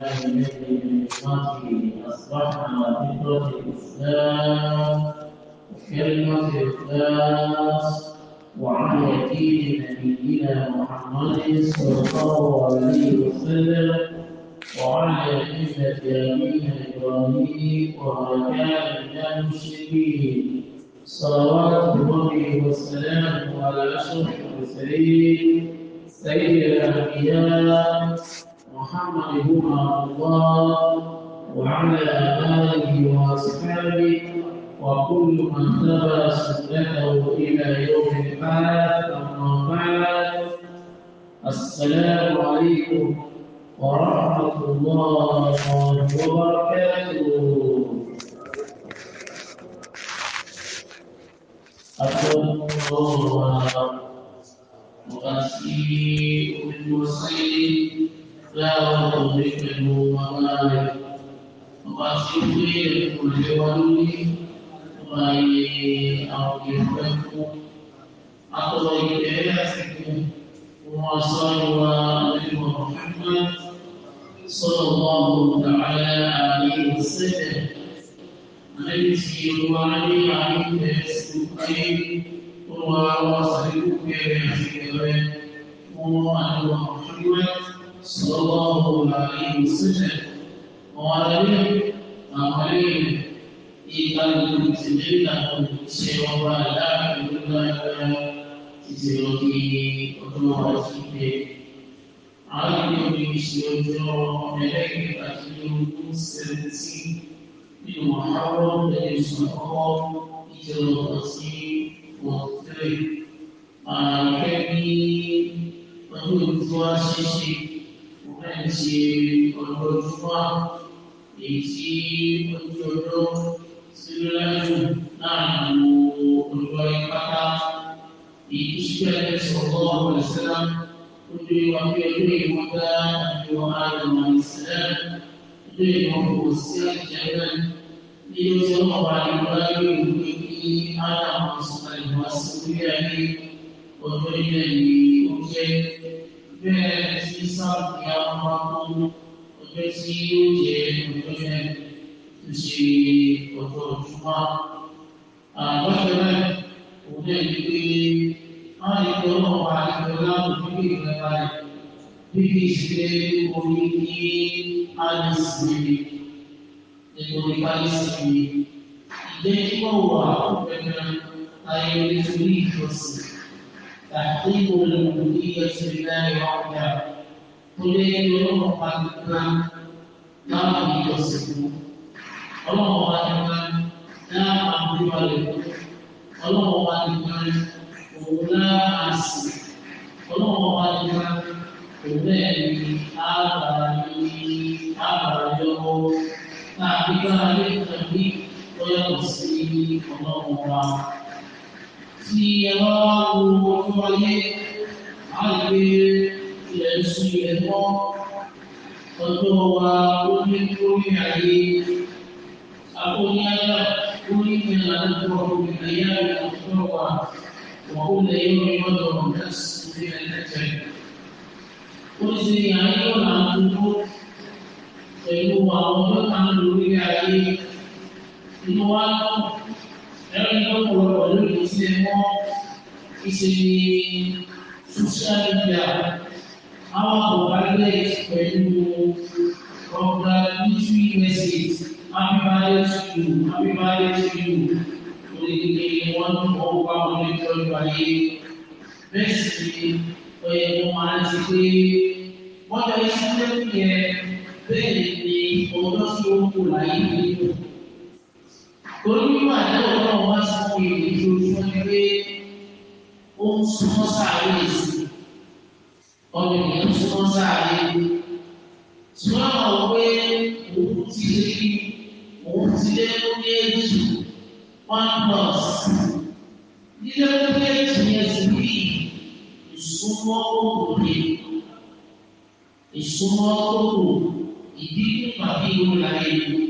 بمثل نصرته أصبحنا فكرة الإسلام وكلمة الإخلاص وعن يتيم نبينا محمد صلى الله عليه وسلم وعلى عزة أبينا إبراهيم وعلى كان من المشركين صلوات ربي وسلامه على أشرف المرسلين سيد الأنبياء محمد بن عبد الله وعلى آله وأصحابه وكل من تبع سنته إلى يوم البعث أما بعد السلام عليكم ورحمة الله وبركاته أتوب الله وأتي المرسلين لاوة ذكره ومالك وأصف لي الكل ولي وأي أوقف لكم أقضي إلهكم وصلى على محمد صلى الله تعالى عليه وسلم الذي يوالي عليه السكين وصحبه في الخير وعلى محمد sallallahu alaihi wasallam wale amali ikalikutimilika kusewa la kulaka kiziroki otowafipe aliyomishiyojo meleke katiliuku seventeen nínú àárọ̀ lẹ́yìn ìṣàkọ́ ìjọba sí wọ́n tẹ̀lé àkẹ́bí ọdún tí wọ́n ṣe ṣe ensi pondok semua, isi penjodoh, segala itu namu berbagai kata itu sudah dari Sallallahu untuk waktu itu maka doa dengan sedang untuk mampu siap jangan itu semua bagi bagi untuk ini anak masuk dari masuk dari untuk ini bẹ́ẹ̀ tí sáàpì àwọn akókó ọjọ́ tí ó jẹ́ ọjọ́ yẹn tó ṣe ọjọ́ ìjùmọ̀. àgbàṣe náà òun náà ní pé máa ń yọ ọ́nà wa ìjọ láàbò níbi ìrẹ́lá rẹ̀ bíbí ìṣẹ̀lẹ̀ orí ní àdìsí nítorí àdìsí ìdẹ́kíwọ̀ wà ó bẹ̀rẹ̀ ayẹyẹ torí ìjọsìn. تحقيق العبودية لله وحده تريد رحمتك نعم يوسف الله أكبر نعم عبد ọlọ́wọ́ wa ni wọ́n òun náà á sì ọlọ́wọ́ wa ni wọ́n òun náà ní àbàlí àbàlí ọwọ́ náà gbígbá tí ẹ bá wo ojú ayé á gbé ilẹ̀ sí ẹ̀kọ́ ọjọ́ wa ó ní lórí ayé àkóyáyà ó ní ìlànà àdúgbò ọ̀gbìn ayé àwùjọ wa wọ́n lè yọ ìmọ̀lẹ̀ ọ̀gá sí ẹ̀ẹ́dẹ́gbẹ̀. ó sì ẹ̀rọ ní lọ́pọ̀lọpọ̀ lórí ti ẹ̀mọ́ ìṣe social media àwọn àbọ̀bálẹ̀ pẹ̀lú ọ̀gá nítorí message happy marriage to you happy wọn kọ́ wá wọn ní ayé bẹ́ẹ̀ ọ̀yẹ̀ wọn máa ti pé wọ́n lọ sí lẹ́kùn yẹn bẹ́ẹ̀ ni ọ̀dọ́ sí láyé nínú torí wíwà ìdáwọ̀ náà wá sí èyí ojoojúmọ́ ni pé ó ń súnmọ́ sáré èsì ọmọ ènìyàn ń súnmọ́ sáré ṣùgbọ́n àwọn pé òun ti rí òun ti lé lórí èjì one plus lílé lórí èjì yẹn sì rí ìsúnmọ́ òkùnrin ìsúnmọ́ òkùnrin ìdí nípa bí ó la ẹ̀kọ́.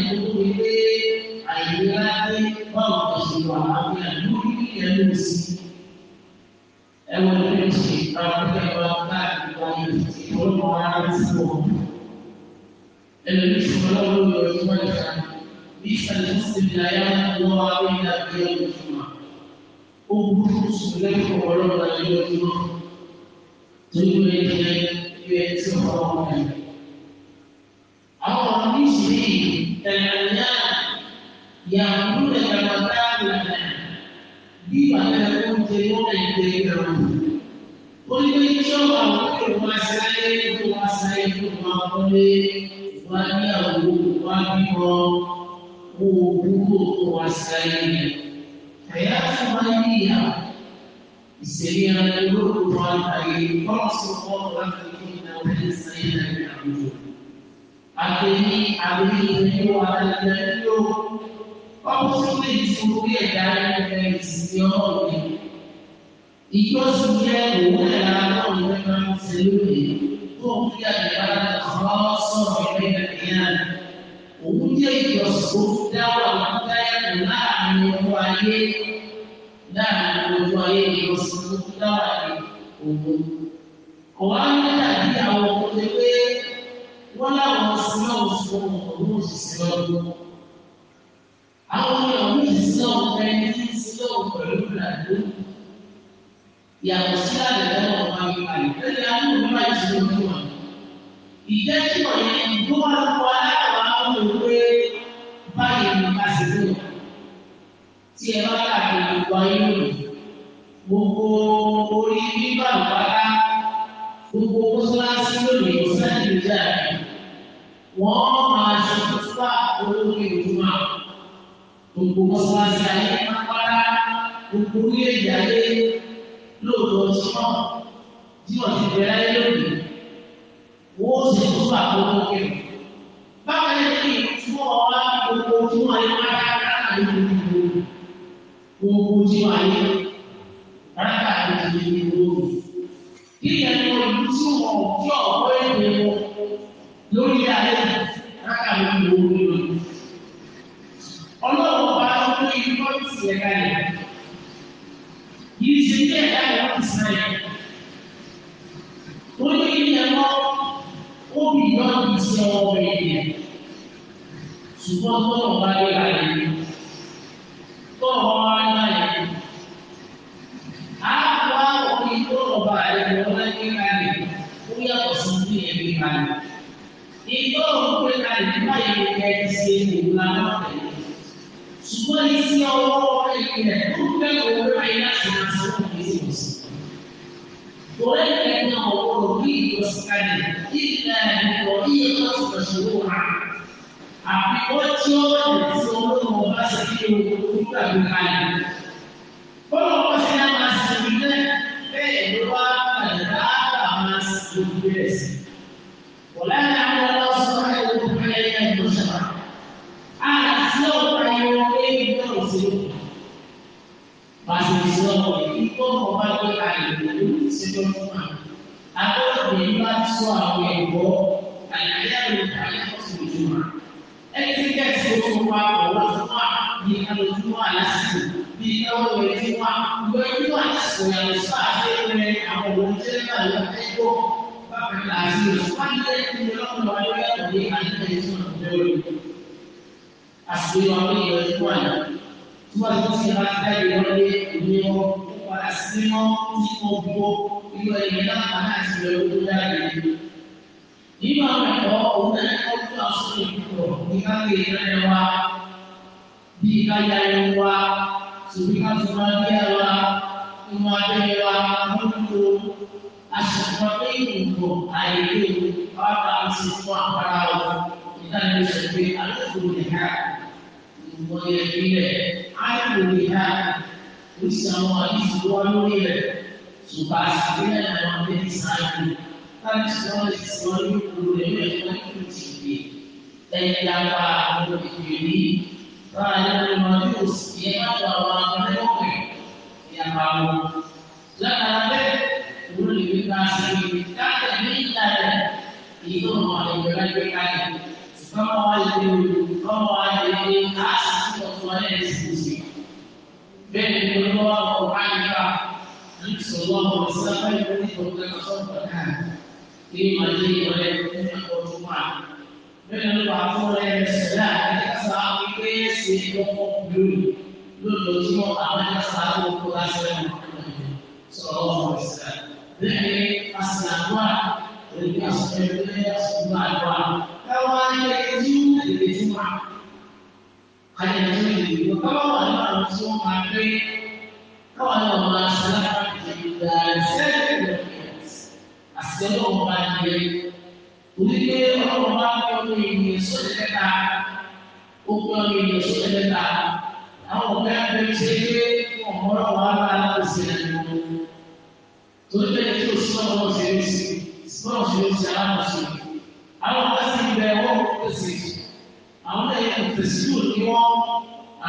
يقول عن عباده فرقص وعافيه المؤمن ينسي أول يمشي ربك وقعت ويمشي والمعانسون اللي مش ملون ويتوجه ليس المسلم لا يعلم الله إلا بيوم الجمعة وبخصوص لك ولولا يوم الجمعة تقول لي يا سيدي dan yang mudah mendapatkan di mana kumpulan yang terlalu. Oleh mencoba untuk menguasai, menguasai, menguasai, wajah wajibmu, kubu kuasainya. Saya semua dia. Istri yang dulu tuan hari, kalau semua orang kita, kita àtẹ̀yí àbẹ̀yí ìlú àtàlẹ́lẹ́lò ọ̀pọ̀sọ̀lẹ̀ ìsìnkú ẹ̀dá ẹ̀rẹ́ ìsìnkú ọ̀rẹ́ ìjọsìn jẹ́ òun ẹ̀rọ aláwọ̀ ẹ̀rọ máa ń ṣe lónìí tó ń fi àgbà ọ̀ sọ̀rọ̀ ẹ̀rọ ìyá òun jẹ́ ìjọsìn tó fi dá wà láńgáyà láàrin ọmọ ayé láàrin ọmọ ayé ìjọsìn tó fi dá wà ní òun. ọ̀wá ń dàbí àwọn ọmọdé pé wọ́n láwọn sinmi ọ̀hún fún ọ̀hún òṣìṣẹ́ ọdún. Àwọn ọ̀hún òṣìṣẹ́ ọ̀hún ẹni tí ń sinmi ọ̀hún pẹ̀lú ìlànà yàtọ̀ sí àlẹ́ náà máa ń parí. Tẹ́lẹ̀ àwọn máa ń sinmi ọdún wọn. Ìjẹ́ tí wọ́n yẹn ló wá lọ́wọ́ aláwọ̀ àwọn òwe báyìí ní pàṣẹ tí ẹ bá kàkiri gbogbo ayé lòdì gbogbo orí bíbá ìpàdá gbogbo mọ́sálásí lòdì ìsẹ́yìn jáde wọ́n máa ṣe ìtura olórí ìjùmọ̀ gbogbo mọ́sálásí ayé pápára gbogbo orílẹ̀-èdè ayé lóòótọ́ sọ́nà tí wọ́n ti bẹ̀rẹ̀ ayé lónìí wọ́n sì túbà gbogbo kẹ̀. báwo ni kí fún ọ wá gbogbo tí wọ́n ayé pátápátá ayé gbogbo gbogbo tí wọ́n ayé rárá àti gbogbo kí ẹni olùdúsùn wọn kí ọ̀pọ̀ ènìyàn lórí ayé lò ó Ọlọ́run bá tó ní pọ́lísì ẹ̀ka yẹn. Yìí ṣe bí ẹ̀ka yẹn wọ́n ti yẹn. Ó ní ilé ẹ̀kọ́ óbì náà ti sọ ọmọ ènìyàn. Ṣùgbọ́n tọ́lọ̀ bá yẹ láyé. Tọ́lọ̀ bá wá láyé. Á wá omi tọ́lọ̀ bá yẹ lọ́wọ́ láyé láyé. Ó yàtọ̀ sí ní ẹ̀mí láyé ìjọ òkúté kalẹ̀ nípa ìròyìn ẹni sí ìlú làwọn tẹ̀lé. ṣùgbọ́n iṣẹ́ ọwọ́ ìpìlẹ̀ tó ń fẹ́ òun láyé láti máa san owó ìdíje mọ̀ sí. Bọ̀dé ìpìlẹ̀ náà ọ̀rọ̀ bí ìjọsìn kalẹ̀ ìpìlẹ̀ ìpọ̀ iye tó ti pẹ̀sẹ̀ owó ha. Àbíkọ́ tí ó wà ní ti owó tó wọ́n bá sọ àwọn ẹ̀gbọ́ àyàyà ìlú àyàkọ́sọ̀ ìjọba. Ẹni tí bẹ́ẹ̀ tí ó fún wa ọ̀wọ́ fún wa ní alójú wa lásìkò bí ẹwọ́ rẹ̀ fún wa gbọ́ ẹni wà lásìkò yàtọ̀ sí àṣẹ rẹ̀ àwọn òun jẹ́ àlọ́ ẹgbọ́ bàbá àti ìfúnpáńdé ìlọ́kùnrin ọ̀rẹ́ ọ̀dẹ́ àdínẹ́sọ̀ lórí. Àṣeyọ̀ ní ìrẹsì wà ní. Tí wọ́n ti fi máa ń dáyé wọlé ìlú wọn, ó padà sí mọ́ tí wọ́n gbọ́ ìgbẹ̀yìn náà láti rẹ̀ ó dáre. Nínú àwọn ẹ̀kọ́ òun náà ẹ̀kọ́ tó àṣọ ìkọ̀ ní káwé ìrẹ́lẹ̀ wa bí káyà ẹ̀rọ wa tòbí ká tó máa bí àwa nínú abẹ́rẹ́ wa lóko àṣìkò pé ìwòkò àìlè bàbá àti fún àpárá o ìdájọ́ ìṣẹ̀lẹ̀ Subhasbina na wapeni sana. Kama sikuona sikuoni kuulewa kwa kitu chiki. Dai lapa ndio kipindi. Bali ni majusi yema kwa wanadamu ya mambo. Lana ndio uli vikasi kata bila hizo mwalimu kati. Kama wale kama wale hasa kwa wale sisi. Bende ndio wao kwa Nabi Sallallahu Alaihi Wasallam ini beberapa contohkan lima jadi oleh punya yang dengan oleh sedang kita selalu itu si dulu semua tangan selalu pulas dan Sallallahu Alaihi Wasallam jadi pas nakwa jadi pas kalau ada kejutan jadi semua hanya itu kalau ada orang semua kalau ada masalah sẹ́dọ̀ ń bá yẹ onígbé ọlọ́run bá ń kọ́ ní ìyẹn sọ́dẹ̀ mẹ́ta ó kọ́ ní ìyẹn sọ́dẹ̀ mẹ́ta àwọn ọ̀gá ẹgbẹ́ ṣe é pé ọ̀mọ́rọ̀ wa bá aláàbòsí ẹ̀dùn torí bẹ́ẹ̀ tí o sọ ọ̀rọ̀ ṣe é sí sọ́ọ̀ ṣe é sí aláàbòsí àwọn ọ̀gá sì ń bẹ wọ́n kó pèsè àwọn ẹ̀yẹ kò pèsè yóò ní wọ́n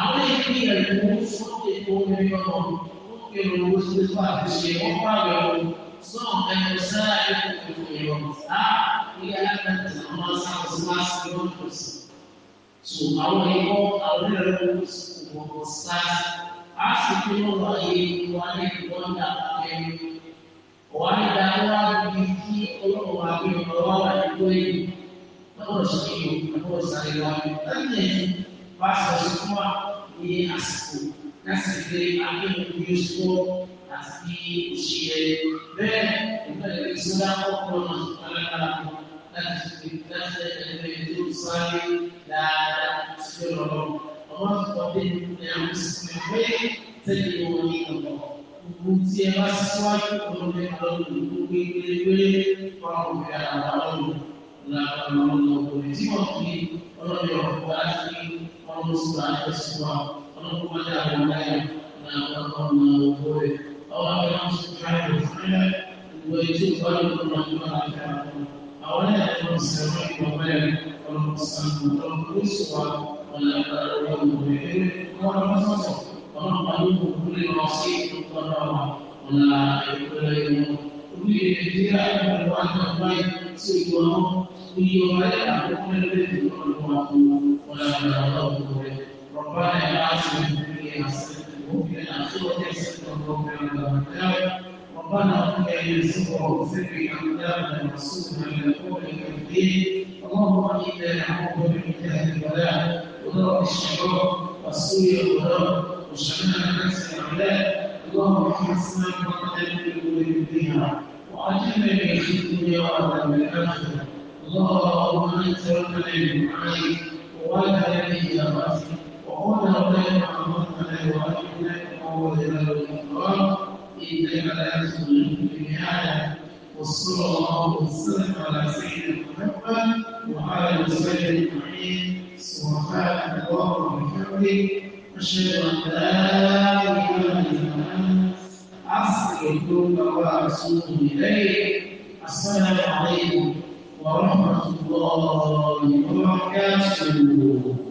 àwọn ẹ̀yẹ kí ẹ̀rù fún ètò omi ọ̀nà ó kéwòn owó ṣe é fún àtúnṣe ọ̀pọ̀ àgbẹ̀ ọ̀hún. صعب يساعد في الوفاء هي أن تتماسى وسواس الأنفس سوء أولهم أولهم ومصاص عاصف الله وعليك وعلى أخيه وعلى دعوة بيتي أولوها من رواه الدوين فهو شيء فهو سريوان تنين فاسا شكوى ni asiku nasi kiri akéwòn yusuf así uscire bene e noi risultiamo con una scuola la disciplina delle istruzioni da psicologo ma poi abbiamo sempre seguito un po' Ubutia waswaki olombe alonso kukwigirwe kwamukira abalonso n'abalonso okubitima kuli olombe okukwasi kwamusula akasibwa olwokubadde abondayo n'abakonaobwe Allah Subhanahu wa Ta'ala wajib wajib melakukan awalnya orang sampai kepada orang sampai orang kuswa melakukan orang mulia orang masuk orang paling mulia masih pertama melakukan Kemudian dia berbuat yang baik sehingga dia baik aku menjadi orang tua. Walaupun Allah Rabbana ya Asyik ya Asyik المؤمن صورة يسره يوم القيامة ربنا قل يسره سري أقدامنا وصونا اللهم إنا نعوذ بك من البلاء وضرر الشرور والسوء والضرر الناس والأعداء اللهم ارحم السماء وقدم بقلوب فيها وعجبنا من الدنيا وعذاب الآخرة اللهم أنت ربنا المعاني وولد نبينا وأخي وقلنا ربنا محمد الله ورحمته وهو جلال الأكرام إنك لا تخلف النهاية وصلى الله وسلم على سيدنا محمد وعلى آله وصحبه سبحانك اللهم وبحمدك أشهد أن لا إله إلا أنت أستغفرك وأتوب إليك السلام عليكم ورحمة الله وبركاته